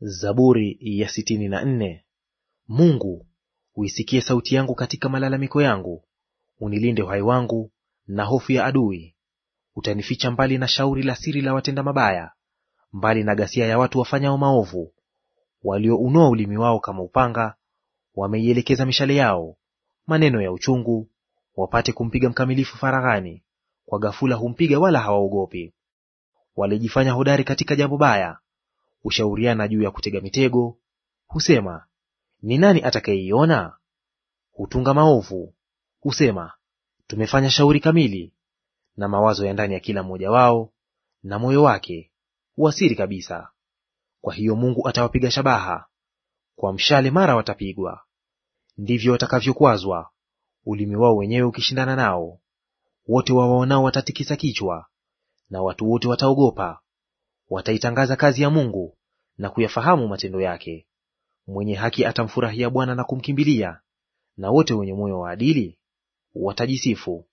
Zaburi ya sitini na nne. Mungu, uisikie sauti yangu katika malalamiko yangu, unilinde uhai wangu na hofu ya adui. Utanificha mbali na shauri la siri la watenda mabaya, mbali na ghasia ya watu wafanyao maovu. waliounoa ulimi wao kama upanga, wameielekeza mishale yao maneno ya uchungu, wapate kumpiga mkamilifu faraghani. Kwa ghafula humpiga, wala hawaogopi. Walijifanya hodari katika jambo baya, hushauriana juu ya kutega mitego, husema, ni nani atakayeiona? Hutunga maovu, husema, tumefanya shauri kamili. Na mawazo ya ndani ya kila mmoja wao na moyo wake uasiri kabisa. Kwa hiyo Mungu atawapiga shabaha kwa mshale, mara watapigwa. Ndivyo watakavyokwazwa, ulimi wao wenyewe ukishindana nao. Wote wawaonao watatikisa kichwa, na watu wote wataogopa Wataitangaza kazi ya Mungu na kuyafahamu matendo yake. Mwenye haki atamfurahia Bwana na kumkimbilia, na wote wenye moyo wa adili watajisifu.